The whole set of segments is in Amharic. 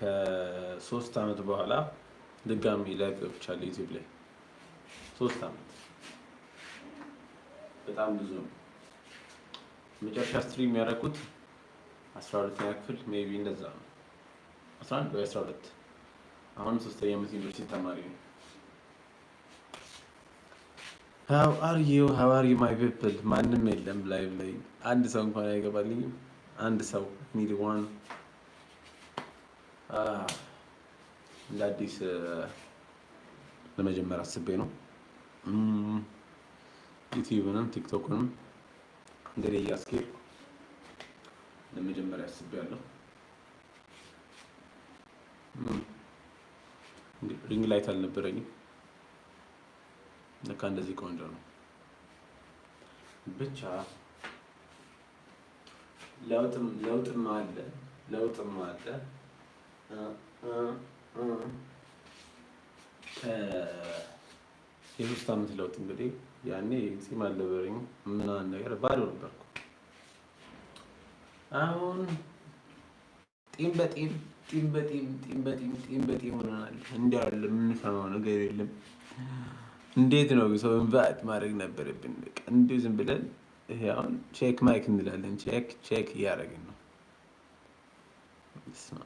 ከሶስት አመት በኋላ ድጋሚ ላይ ገብቻለሁ ዩቲዩብ ላይ ሶስት አመት በጣም ብዙ ነው። መጨረሻ ስትሪም ያደረኩት አስራ ሁለተኛ ክፍል ሜይ ቢ እንደዛ ነው፣ አስራ አንድ ወይ አስራ ሁለት አሁን ሶስተኛ ዓመት ዩኒቨርሲቲ ተማሪ ነው። ሀው አር ዩ ሀው አር ዩ ማይ ፒፕል ማንም የለም ላይቭ ላይ አንድ ሰው እንኳን አይገባልኝም። አንድ ሰው ኒድ ዋን እንደ ለመጀመር አስቤ ነው። ዩቲዩብንም ቲክቶክንም እንደ እያስኬድ ለመጀመሪያ አስቤ ያለው ሪንግ ላይት አልነበረኝም። ለካ እንደዚህ ቆንጆ ነው። ብቻ ለውጥም ለውጥም አለ ለውጥም አለ የሶስት ዓመት ለውጥ እንግዲህ ያኔ ጺም አልነበረኝም ምናምን ነገር ባዶ ነበርኩ። አሁን ጢም በጢም ጢም በጢም ጢም በጢም ጢም በጢም ሆነናል። እንዲህ ያለ የምንሰማው ነገር የለም። እንዴት ነው ሰው ኢንቫይት ማድረግ ነበረብን? በቃ እንዲሁ ዝም ብለን ይሄ አሁን ቼክ ማይክ እንላለን። ቼክ ቼክ እያደረግን ነው። ስማ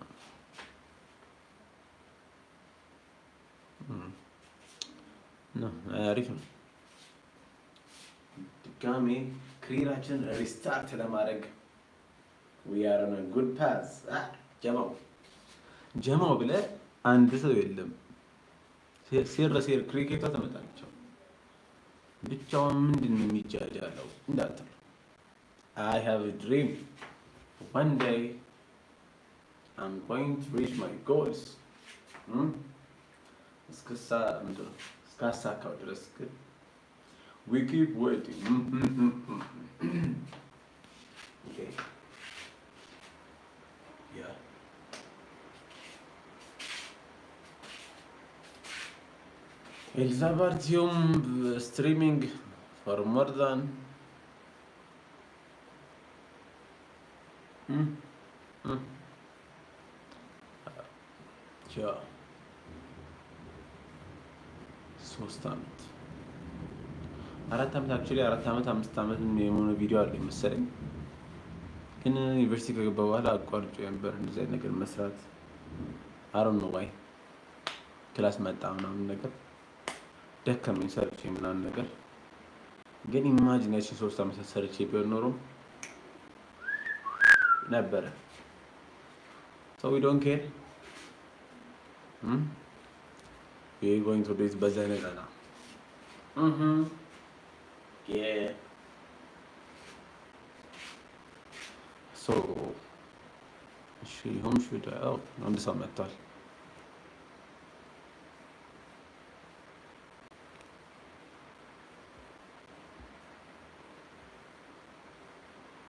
አሪፍ ነው። ድጋሜ ክሪራችን ሪስታርት ለማድረግ ዊ አር ጉድ ፓዝ። ጀማው ጀማው ብለህ አንድ ሰው የለም። ሴር ለሴር ክሪኬቷ ተመጣቸው ብቻውን ምንድን ነው የሚጃጃለው እንዳትሉ። አይ ሃቭ ኤ ድሪም ዋን ዴይ አም ጎይንግ ቱ ሪች ማይ ጎልስ እስክሳ ምንድን ነው That's our culture. good. We keep waiting. okay. Yeah. Elizabethium uh, streaming for more than mm. Mm. Uh, yeah. ሶስት አመት አራት አመት አክቹዋሊ አራት አመት አምስት አመት የሆነ ቪዲዮ አለ መሰለኝ። ግን ዩኒቨርሲቲ ከገባ በኋላ አቋርጮ ነበር እንደዚህ አይነት ነገር መስራት። አሮን ነው ዋይ ክላስ መጣ ምናምን ነገር ደከመኝ ሰርቼ ምናምን ነገር ግን ኢማጂኔሽን ሶስት አመት ሰርቼ ቢሆን ኖሮ ነበረ ሰው ዶንት ኬር You're going to do it Bazanagana. Mm-hmm. Yeah. So she home should out. አንድ ሰው መጥቷል።